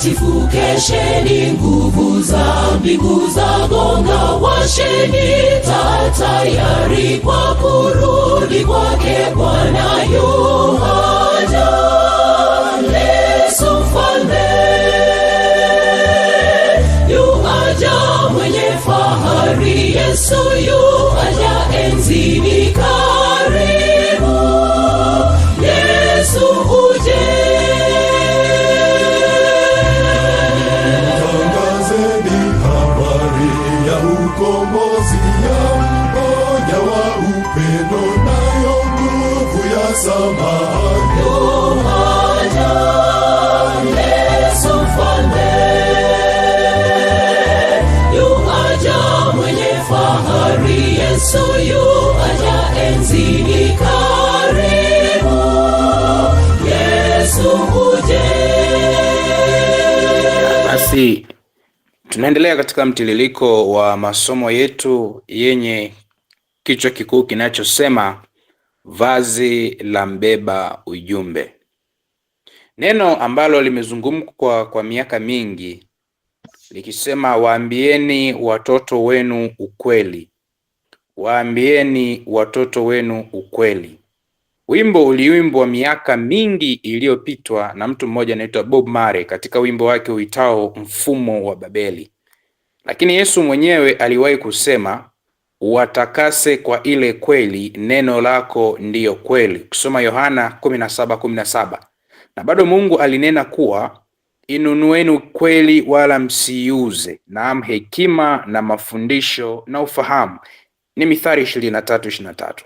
watakatifu, kesheni, nguvu za mbingu za gonga, washeni taa tayari kwa kurudi kwake Bwana yuhaja. Yesu mfalme yuhaja, mwenye fahari, Yesu yuhaja. hii tunaendelea katika mtiririko wa masomo yetu yenye kichwa kikuu kinachosema vazi la mbeba ujumbe, neno ambalo limezungumkwa kwa miaka mingi likisema, waambieni watoto wenu ukweli, waambieni watoto wenu ukweli. Wimbo uliimbwa miaka mingi iliyopitwa na mtu mmoja anaitwa Bob Marley katika wimbo wake uitao mfumo wa Babeli, lakini Yesu mwenyewe aliwahi kusema watakase kwa ile kweli, neno lako ndiyo kweli, Kusoma Yohana 17:17. Na bado Mungu alinena kuwa inunueni kweli wala msiiuze, naam hekima na mafundisho na ufahamu, ni Mithali 23:23.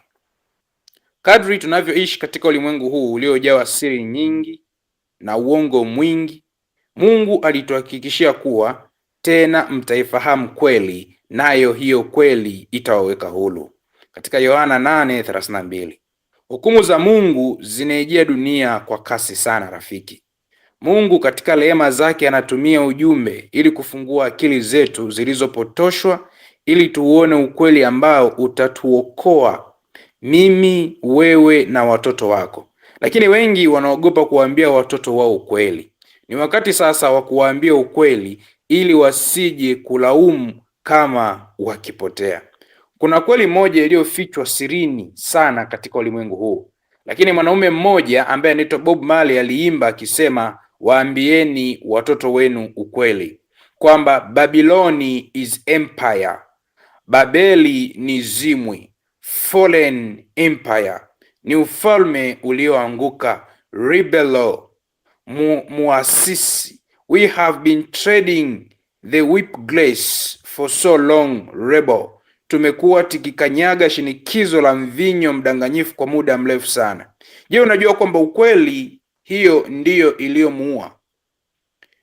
Kadri tunavyoishi katika ulimwengu huu uliojawa siri nyingi na uongo mwingi, Mungu alituhakikishia kuwa tena mtaifahamu kweli, nayo hiyo kweli itawaweka huru, katika Yohana 8:32. Hukumu za Mungu zinaijia dunia kwa kasi sana rafiki. Mungu katika rehema zake anatumia ujumbe ili kufungua akili zetu zilizopotoshwa ili tuone ukweli ambao utatuokoa mimi, wewe na watoto wako. Lakini wengi wanaogopa kuwaambia watoto wao ukweli. Ni wakati sasa wa kuwaambia ukweli ili wasije kulaumu kama wakipotea. Kuna kweli moja iliyofichwa sirini sana katika ulimwengu huu, lakini mwanaume mmoja ambaye anaitwa Bob Marley aliimba akisema, waambieni watoto wenu ukweli kwamba Babiloni is empire, Babeli ni zimwi, fallen empire, ni ufalme ulioanguka. Rebelo, mu, muasisi. We have been trading the whip glace for so long rebel. Tumekuwa tikikanyaga shinikizo la mvinyo mdanganyifu kwa muda mrefu sana. Je, unajua kwamba ukweli hiyo ndiyo iliyomuua?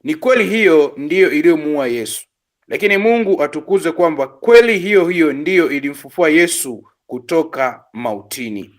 Ni kweli hiyo ndiyo iliyomuua Yesu, lakini Mungu atukuze kwamba kweli hiyo hiyo ndiyo ilimfufua Yesu kutoka mautini.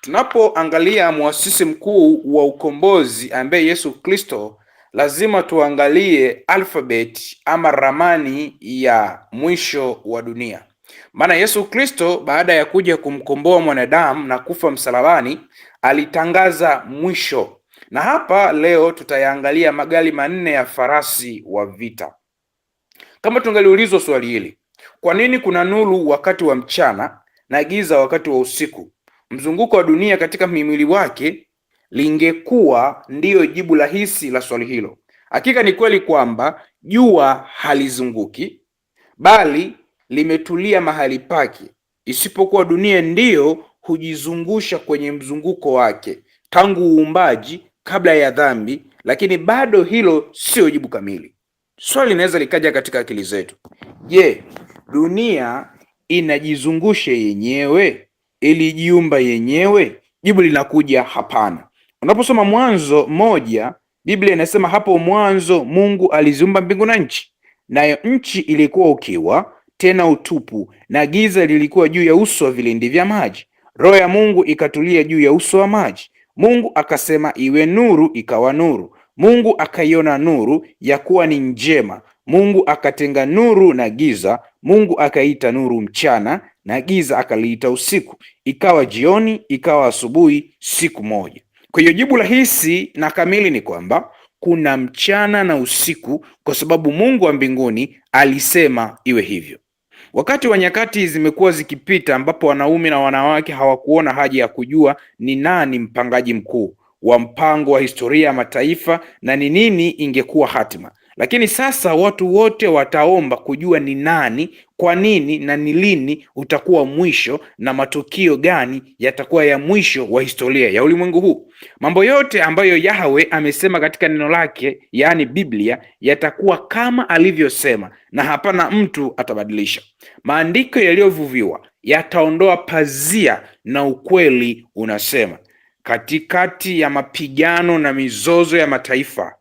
Tunapoangalia mwasisi mkuu wa ukombozi ambaye Yesu Kristo, lazima tuangalie alfabeti ama ramani ya mwisho wa dunia. Maana Yesu Kristo baada ya kuja kumkomboa mwanadamu na kufa msalabani, alitangaza mwisho. Na hapa leo tutayaangalia magari manne ya farasi wa vita. Kama tungaliulizwa swali hili, kwa nini kuna nuru wakati wa mchana na giza wakati wa usiku, mzunguko wa dunia katika mhimili wake, lingekuwa ndiyo jibu rahisi la swali hilo. Hakika ni kweli kwamba jua halizunguki, bali limetulia mahali pake, isipokuwa dunia ndiyo hujizungusha kwenye mzunguko wake tangu uumbaji, kabla ya dhambi. Lakini bado hilo siyo jibu kamili. Swali linaweza likaja katika akili zetu: je, dunia inajizungushe yenyewe, ilijiumba yenyewe? Jibu linakuja hapana. Unaposoma Mwanzo moja, Biblia inasema hapo mwanzo Mungu aliziumba mbingu na nchi, nayo nchi ilikuwa ukiwa tena utupu, na giza lilikuwa juu ya uso wa vilindi vya maji. Roho ya Mungu ikatulia juu ya uso wa maji. Mungu akasema, iwe nuru, ikawa nuru. Mungu akaiona nuru ya kuwa ni njema, Mungu akatenga nuru na giza, Mungu akaita nuru mchana na giza akaliita usiku. Ikawa jioni, ikawa asubuhi, siku moja. Kwa hiyo jibu rahisi na kamili ni kwamba kuna mchana na usiku kwa sababu Mungu wa mbinguni alisema iwe hivyo. Wakati wa nyakati zimekuwa zikipita ambapo wanaume na wanawake hawakuona haja ya kujua ni nani mpangaji mkuu wa mpango wa historia ya mataifa na ni nini ingekuwa hatima. Lakini sasa watu wote wataomba kujua ni nani, kwa nini na ni lini utakuwa mwisho na matukio gani yatakuwa ya mwisho wa historia ya ulimwengu huu. Mambo yote ambayo Yahwe amesema katika neno lake, yaani Biblia, yatakuwa kama alivyosema na hapana mtu atabadilisha. Maandiko yaliyovuviwa yataondoa pazia na ukweli unasema. Katikati ya mapigano na mizozo ya mataifa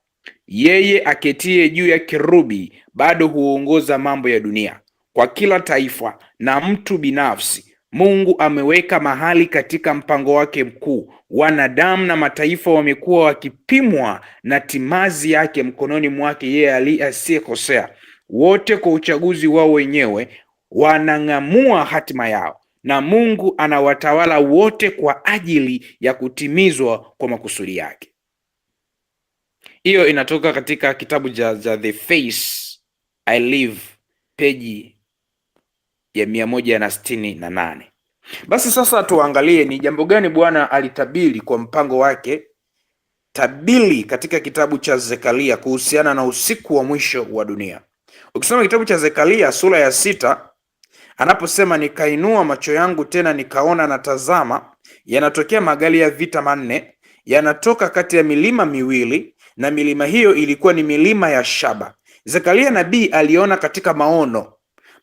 yeye aketie juu ya kerubi bado huongoza mambo ya dunia. Kwa kila taifa na mtu binafsi, Mungu ameweka mahali katika mpango wake mkuu. Wanadamu na mataifa wamekuwa wakipimwa na timazi yake mkononi mwake, yeye asiyekosea. Wote kwa uchaguzi wao wenyewe wanang'amua hatima yao, na Mungu anawatawala wote kwa ajili ya kutimizwa kwa makusudi yake hiyo inatoka katika kitabu cha ja, ja The Face I Live peji ya mia moja na sitini na nane. Basi sasa tuangalie ni jambo gani Bwana alitabili kwa mpango wake tabili katika kitabu cha Zekaria kuhusiana na usiku wa mwisho wa dunia. Ukisoma kitabu cha Zekaria sura ya sita anaposema nikainua macho yangu tena nikaona, na tazama, yanatokea magari ya vita manne yanatoka kati ya milima miwili na milima hiyo ilikuwa ni milima ya shaba. Zekaria nabii aliona katika maono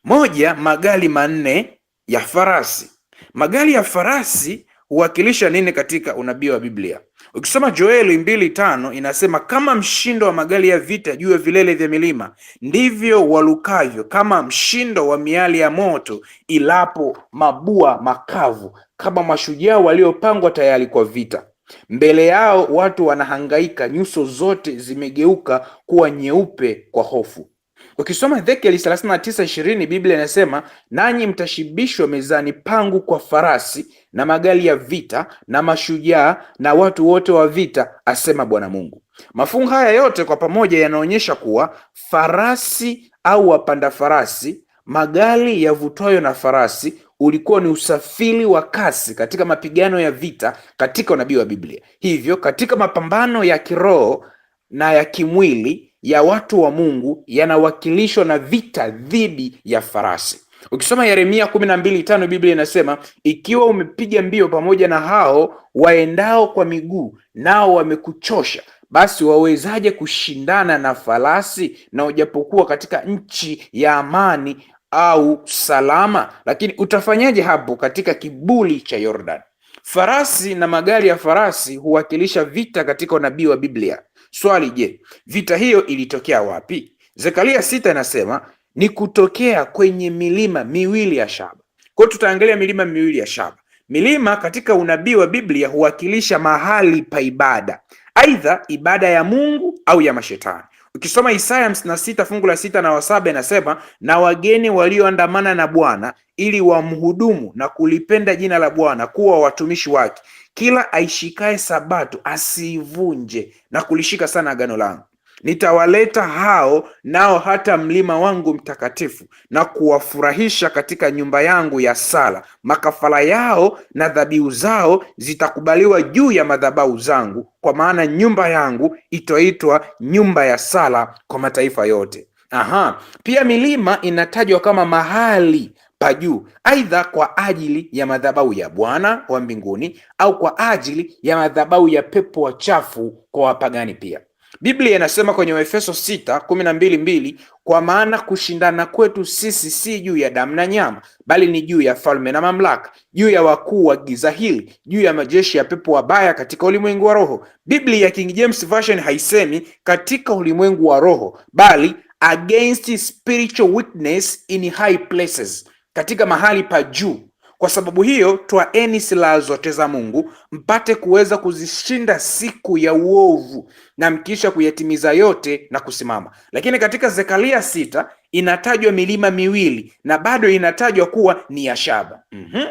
moja magari manne ya farasi. Magari ya farasi huwakilisha nini katika unabii wa Biblia? Ukisoma Joeli mbili tano inasema kama mshindo wa magari ya vita juu ya vilele vya milima, ndivyo walukavyo kama mshindo wa miali ya moto ilapo mabua makavu, kama mashujaa waliopangwa tayari kwa vita. Mbele yao watu wanahangaika, nyuso zote zimegeuka kuwa nyeupe kwa hofu. Ukisoma Ezekieli 39:20 Biblia inasema, nanyi mtashibishwa mezani pangu kwa farasi na magari ya vita na mashujaa na watu wote wa vita, asema Bwana Mungu. Mafungu haya yote kwa pamoja yanaonyesha kuwa farasi au wapanda farasi, magari yavutwayo na farasi, ulikuwa ni usafiri wa kasi katika mapigano ya vita katika unabii wa Biblia. Hivyo katika mapambano ya kiroho na ya kimwili ya watu wa Mungu yanawakilishwa na vita dhidi ya farasi. Ukisoma Yeremia kumi na mbili tano Biblia inasema ikiwa umepiga mbio pamoja na hao waendao kwa miguu, nao wamekuchosha, basi wawezaje kushindana na farasi? Na ujapokuwa katika nchi ya amani au salama. Lakini utafanyaje hapo katika kibuli cha yordan Farasi na magari ya farasi huwakilisha vita katika unabii wa Biblia. Swali, je, vita hiyo ilitokea wapi? Zekaria sita inasema ni kutokea kwenye milima miwili ya shaba. Kwa hiyo tutaangalia milima miwili ya shaba. Milima katika unabii wa Biblia huwakilisha mahali pa ibada, aidha ibada ya Mungu au ya mashetani. Ukisoma Isaya hamsini na sita fungu la sita na wasaba na inasema, na wageni walioandamana na Bwana ili wamhudumu na kulipenda jina la Bwana kuwa watumishi wake, kila aishikaye sabato asiivunje na kulishika sana agano langu. Nitawaleta hao nao hata mlima wangu mtakatifu, na kuwafurahisha katika nyumba yangu ya sala. Makafala yao na dhabihu zao zitakubaliwa juu ya madhabahu zangu, kwa maana nyumba yangu itaitwa nyumba ya sala kwa mataifa yote. Aha, pia milima inatajwa kama mahali pa juu, aidha kwa ajili ya madhabahu ya Bwana wa mbinguni au kwa ajili ya madhabahu ya pepo wachafu kwa wapagani pia Biblia inasema kwenye Waefeso 6:12, kwa maana kushindana kwetu sisi si juu ya damu na nyama, bali ni juu ya falme na mamlaka, juu ya wakuu wa giza hili, juu ya majeshi ya pepo wabaya katika ulimwengu wa roho. Biblia ya King James Version haisemi katika ulimwengu wa roho, bali against spiritual weakness in high places, katika mahali pa juu kwa sababu hiyo twaeni silaha zote za Mungu mpate kuweza kuzishinda siku ya uovu, na mkiisha kuyatimiza yote na kusimama. Lakini katika Zekaria sita inatajwa milima miwili na bado inatajwa kuwa ni ya shaba mm -hmm.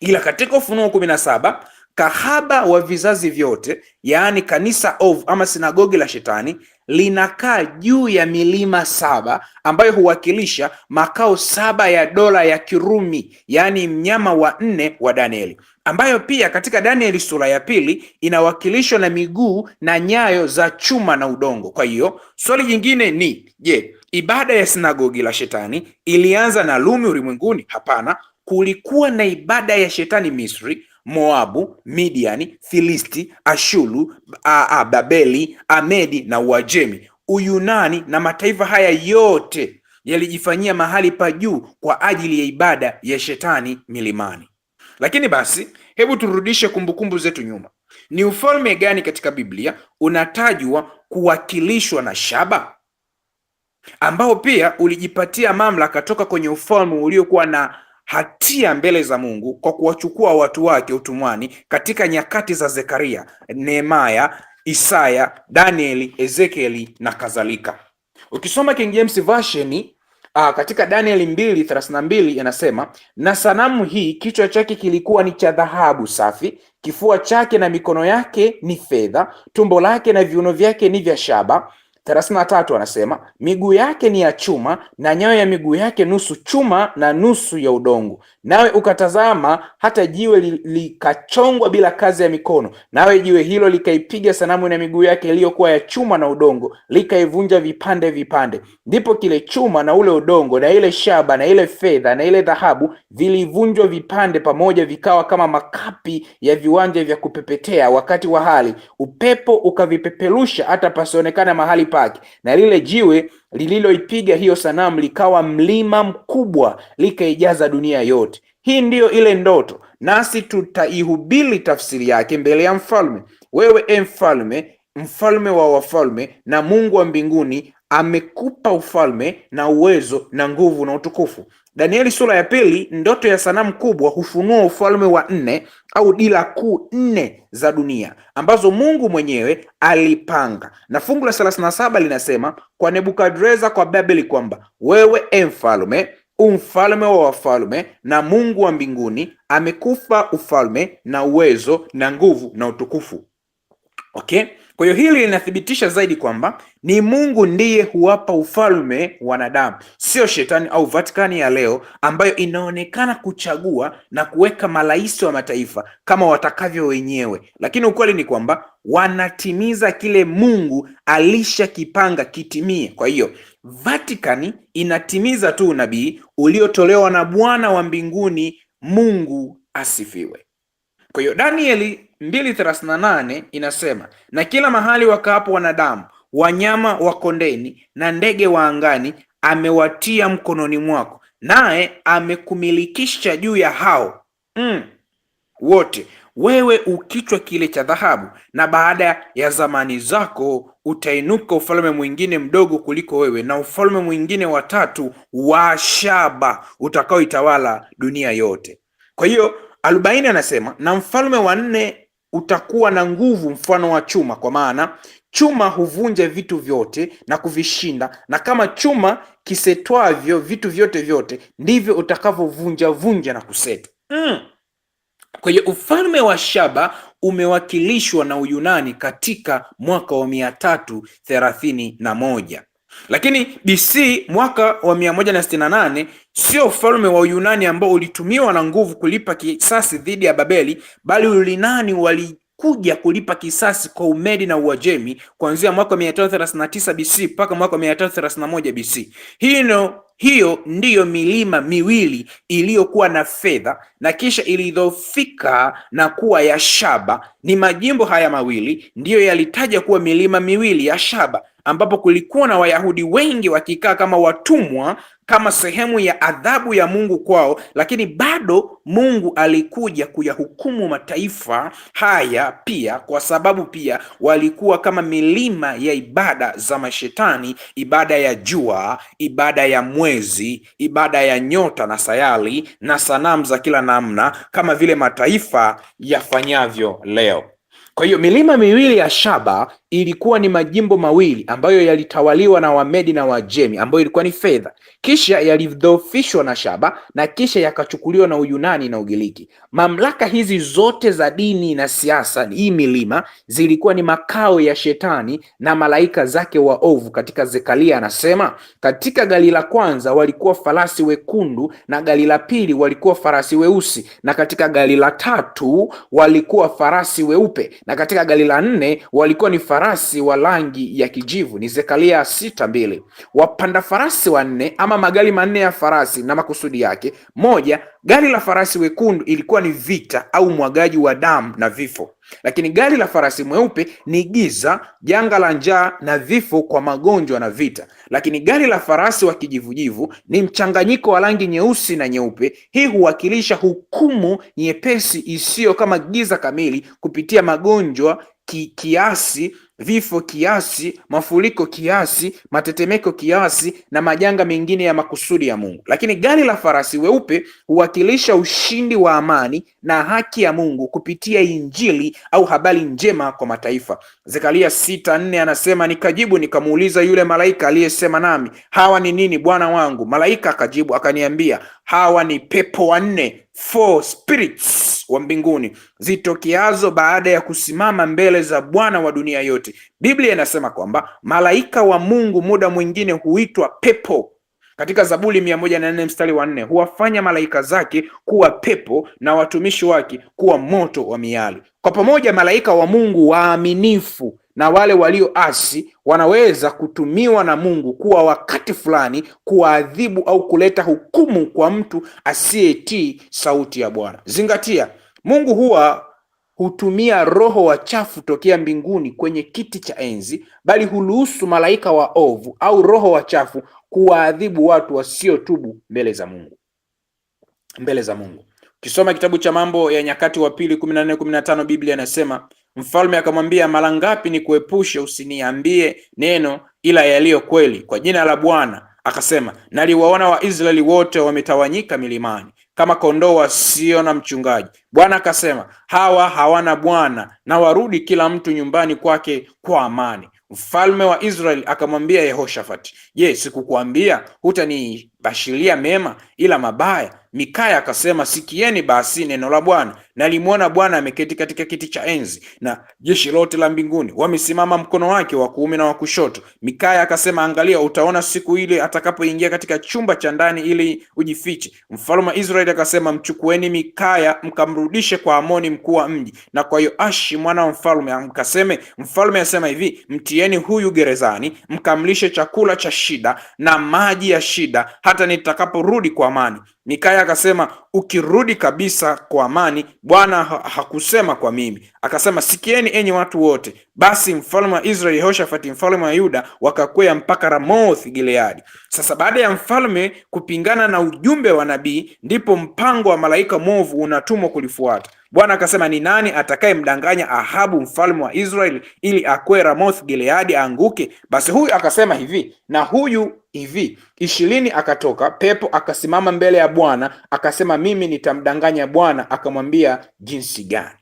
Ila katika Ufunuo kumi na saba kahaba wa vizazi vyote, yaani kanisa of ama sinagogi la Shetani linakaa juu ya milima saba ambayo huwakilisha makao saba ya dola ya Kirumi, yaani mnyama wa nne wa Danieli, ambayo pia katika Danieli sura ya pili inawakilishwa na miguu na nyayo za chuma na udongo. Kwa hiyo swali jingine ni je, ibada ya sinagogi la Shetani ilianza na Lumi ulimwenguni? Hapana, kulikuwa na ibada ya Shetani Misri Moabu, Midiani, Filisti, Ashulu, a, a, Babeli, Amedi na Uajemi, Uyunani na mataifa haya yote yalijifanyia mahali pa juu kwa ajili ya ibada ya shetani milimani. Lakini basi, hebu turudishe kumbukumbu zetu nyuma. Ni ufalme gani katika Biblia unatajwa kuwakilishwa na shaba, ambao pia ulijipatia mamlaka toka kwenye ufalme uliokuwa na hatia mbele za Mungu kwa kuwachukua watu wake utumwani katika nyakati za Zekaria, Nehemaya, Isaya, Danieli, Ezekieli na kadhalika. Ukisoma King James Version Uh, katika Danieli mbili thelathini na mbili inasema, na sanamu hii kichwa chake kilikuwa ni cha dhahabu safi, kifua chake na mikono yake ni fedha, tumbo lake na viuno vyake ni vya shaba, thelathini na tatu anasema miguu yake ni ya chuma na nyayo ya miguu yake nusu chuma na nusu ya udongo. Nawe ukatazama hata jiwe likachongwa bila kazi ya mikono, nawe jiwe hilo likaipiga sanamu na miguu yake iliyokuwa ya chuma na udongo, likaivunja vipande vipande. Ndipo kile chuma na ule udongo na ile shaba na ile fedha na ile dhahabu vilivunjwa vipande pamoja, vikawa kama makapi ya viwanja vya kupepetea wakati wa hali, upepo ukavipepelusha hata pasionekana mahali pake, na lile jiwe lililoipiga hiyo sanamu likawa mlima mkubwa, likaijaza dunia yote. Hii ndiyo ile ndoto, nasi tutaihubiri tafsiri yake mbele ya mfalme. Wewe e mfalme, mfalme wa wafalme na Mungu wa mbinguni amekupa ufalme na uwezo na nguvu na utukufu. Danieli sura ya pili, ndoto ya sanamu kubwa hufunua ufalme wa nne au dira kuu nne za dunia ambazo Mungu mwenyewe alipanga, na fungu la thelathini na saba linasema kwa Nebukadreza kwa Babeli kwamba wewe e mfalme u mfalme wa wafalme na Mungu wa mbinguni amekufa ufalme na uwezo na nguvu na utukufu. Okay? Kwa hiyo hili linathibitisha zaidi kwamba ni Mungu ndiye huwapa ufalme wanadamu, sio shetani au Vatikani ya leo ambayo inaonekana kuchagua na kuweka marais wa mataifa kama watakavyo wenyewe, lakini ukweli ni kwamba wanatimiza kile Mungu alishakipanga kitimie. Kwa hiyo Vatikani inatimiza tu unabii uliotolewa na Bwana wa mbinguni. Mungu asifiwe. Kwa hiyo Danieli 2:38 inasema, na kila mahali wakaapo wanadamu, wanyama wa kondeni na ndege wa angani amewatia mkononi mwako, naye amekumilikisha juu ya hao mm, wote wewe ukichwa kile cha dhahabu, na baada ya zamani zako utainuka ufalme mwingine mdogo kuliko wewe, na ufalme mwingine wa tatu wa shaba utakaoitawala dunia yote. Kwa hiyo arobaini anasema na mfalme wa nne utakuwa na nguvu mfano wa chuma, kwa maana chuma huvunja vitu vyote na kuvishinda, na kama chuma kisetwavyo vitu vyote vyote, ndivyo utakavyovunja vunja na kusetwa mm. Kwa hiyo ufalme wa shaba umewakilishwa na Uyunani katika mwaka wa mia tatu thelathini na moja lakini BC mwaka wa mia moja na sitini na nane sio ufalme wa Uyunani ambao ulitumiwa na nguvu kulipa kisasi dhidi ya Babeli, bali Ulinani walikuja kulipa kisasi kwa Umedi na Uajemi kuanzia mwaka 339 BC mpaka mwaka 331 BC. Hino hiyo ndiyo milima miwili iliyokuwa na fedha na kisha ilidhofika na kuwa ya shaba. Ni majimbo haya mawili ndiyo yalitaja kuwa milima miwili ya shaba ambapo kulikuwa na Wayahudi wengi wakikaa kama watumwa kama sehemu ya adhabu ya Mungu kwao, lakini bado Mungu alikuja kuyahukumu mataifa haya pia, kwa sababu pia walikuwa kama milima ya ibada za mashetani, ibada ya jua, ibada ya mwezi, ibada ya nyota na sayari na sanamu za kila namna, kama vile mataifa yafanyavyo leo. Kwa hiyo milima miwili ya shaba ilikuwa ni majimbo mawili ambayo yalitawaliwa na Wamedi na Wajemi ambayo ilikuwa ni fedha, kisha yalidhoofishwa na shaba na kisha yakachukuliwa na Uyunani na Ugiriki. Mamlaka hizi zote za dini na siasa, hii milima zilikuwa ni makao ya shetani na malaika zake waovu. Katika Zekaria anasema katika gari la kwanza walikuwa farasi wekundu, na gari la pili walikuwa farasi weusi, na katika gari la tatu walikuwa farasi weupe, na katika gari la nne walikuwa ni farasi farasi wa rangi ya kijivu ni Zekaria sita mbili. Wapanda farasi wanne ama magari manne ya farasi na makusudi yake: moja, gari la farasi wekundu ilikuwa ni vita au mwagaji wa damu na vifo, lakini gari la farasi mweupe ni giza, janga la njaa na vifo kwa magonjwa na vita, lakini gari la farasi wa kijivujivu ni mchanganyiko wa rangi nyeusi na nyeupe. Hii huwakilisha hukumu nyepesi isiyo kama giza kamili kupitia magonjwa ki, kiasi vifo kiasi, mafuriko kiasi, matetemeko kiasi, na majanga mengine ya makusudi ya Mungu. Lakini gari la farasi weupe huwakilisha ushindi wa amani na haki ya Mungu kupitia Injili au habari njema kwa mataifa. Zekaria sita nne anasema, nikajibu nikamuuliza yule malaika aliyesema nami, hawa ni nini bwana wangu? Malaika akajibu akaniambia, hawa ni pepo wanne four spirits wa mbinguni zitokeazo baada ya kusimama mbele za Bwana wa dunia yote. Testament. Biblia inasema kwamba malaika wa Mungu muda mwingine huitwa pepo. Katika Zaburi mia moja na nne mstari wa nne huwafanya malaika zake kuwa pepo na watumishi wake kuwa moto wa miali. Kwa pamoja malaika wa Mungu waaminifu na wale walioasi wanaweza kutumiwa na Mungu kuwa wakati fulani kuwaadhibu au kuleta hukumu kwa mtu asiyetii sauti ya Bwana. Zingatia, Mungu huwa hutumia roho wachafu tokea mbinguni kwenye kiti cha enzi, bali huruhusu malaika wa ovu au roho wachafu kuwaadhibu watu wasiotubu mbele za Mungu, mbele za Mungu. Ukisoma kitabu cha Mambo ya Nyakati wa Pili 14:15 Biblia inasema mfalme akamwambia, mara ngapi ni kuepushe usiniambie neno ila yaliyo kweli kwa jina la Bwana? Akasema, naliwaona Waisraeli wote wametawanyika milimani, kama kondoo wasio na mchungaji. Bwana akasema, hawa hawana bwana, na warudi kila mtu nyumbani kwake kwa amani. Mfalme wa Israeli akamwambia Yehoshafati, je, sikukuambia hutanibashiria mema ila mabaya? Mikaya akasema, sikieni basi neno la Bwana alimwona Bwana ameketi katika kiti cha enzi na jeshi lote la mbinguni wamesimama mkono wake wa kuume na wa kushoto. Mikaya akasema, angalia, utaona siku ile atakapoingia katika chumba cha ndani ili ujifiche. Mfalme wa Israeli akasema, mchukueni Mikaya mkamrudishe kwa Amoni mkuu wa mji na kwa Yoashi mwana wa mfalme, mkaseme, mfalme asema hivi, mtieni huyu gerezani mkamlishe chakula cha shida na maji ya shida hata nitakaporudi kwa amani. Mikaya akasema, ukirudi kabisa kwa amani Bwana hakusema kwa mimi, akasema sikieni enyi watu wote, basi mfalme wa Israeli Yehoshafati mfalme wa Yuda wakakwea mpaka Ramoth Gileadi. Sasa baada ya mfalme kupingana na ujumbe wa nabii, ndipo mpango wa malaika mwovu unatumwa kulifuata. Bwana akasema, ni nani atakayemdanganya Ahabu mfalme wa Israeli ili akwe Ramoth Gileadi aanguke? Basi huyu akasema hivi na huyu hivi. Ishirini akatoka pepo akasimama mbele ya Bwana akasema, mimi nitamdanganya Bwana, akamwambia jinsi gani?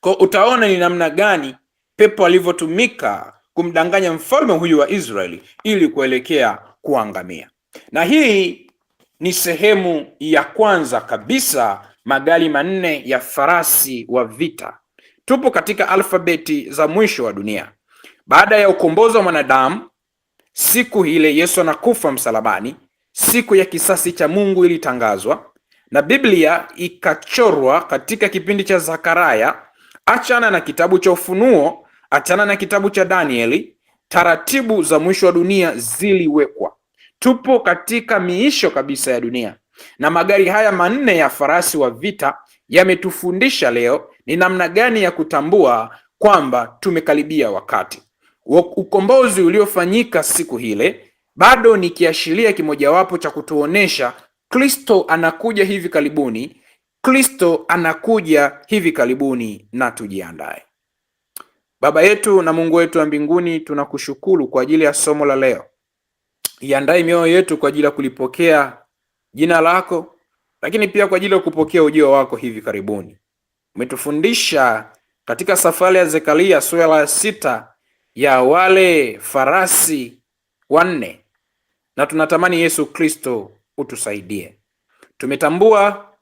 Kwa utaona ni namna gani pepo alivyotumika kumdanganya mfalme huyu wa Israeli ili kuelekea kuangamia. Na hii ni sehemu ya kwanza kabisa, magari manne ya farasi wa vita. Tupo katika alfabeti za mwisho wa dunia. Baada ya ukombozi wa mwanadamu, siku ile Yesu anakufa msalabani, siku ya kisasi cha Mungu ilitangazwa na Biblia ikachorwa katika kipindi cha Zakaria. Achana na kitabu cha Ufunuo Achana na kitabu cha Danieli, taratibu za mwisho wa dunia ziliwekwa. Tupo katika miisho kabisa ya dunia, na magari haya manne ya farasi wa vita yametufundisha leo ni namna gani ya kutambua kwamba tumekaribia wakati. Ukombozi uliofanyika siku hile bado ni kiashiria kimojawapo cha kutuonesha Kristo anakuja hivi karibuni. Kristo anakuja hivi karibuni na tujiandae. Baba yetu na Mungu wetu wa mbinguni, tunakushukuru kwa ajili ya somo la leo. Iandae mioyo yetu kwa ajili ya kulipokea jina lako, lakini pia kwa ajili ya kupokea ujio wako hivi karibuni. Umetufundisha katika safari ya Zekaria sura ya sita ya wale farasi wanne, na tunatamani Yesu Kristo utusaidie. Tumetambua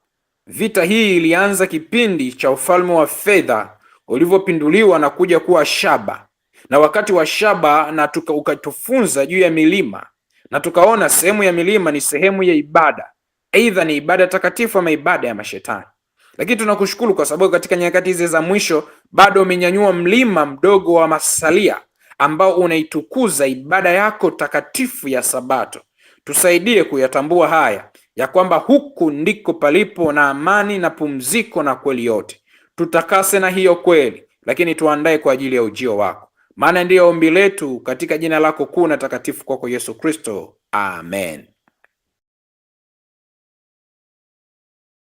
vita hii ilianza kipindi cha ufalme wa fedha ulivyopinduliwa na kuja kuwa shaba, na wakati wa shaba na tuka, ukatufunza juu ya milima na tukaona sehemu ya milima ni sehemu ya ibada, aidha ni ibada takatifu ama ibada ya mashetani. Lakini tunakushukuru kwa sababu katika nyakati hizi za mwisho bado umenyanyua mlima mdogo wa masalia ambao unaitukuza ibada yako takatifu ya Sabato. Tusaidie kuyatambua haya ya kwamba huku ndiko palipo na amani na pumziko na kweli yote. Tutakase na hiyo kweli, lakini tuandae kwa ajili ya ujio wako, maana ndiyo ombi letu katika jina lako kuu na takatifu, kwako Yesu Kristo, amen.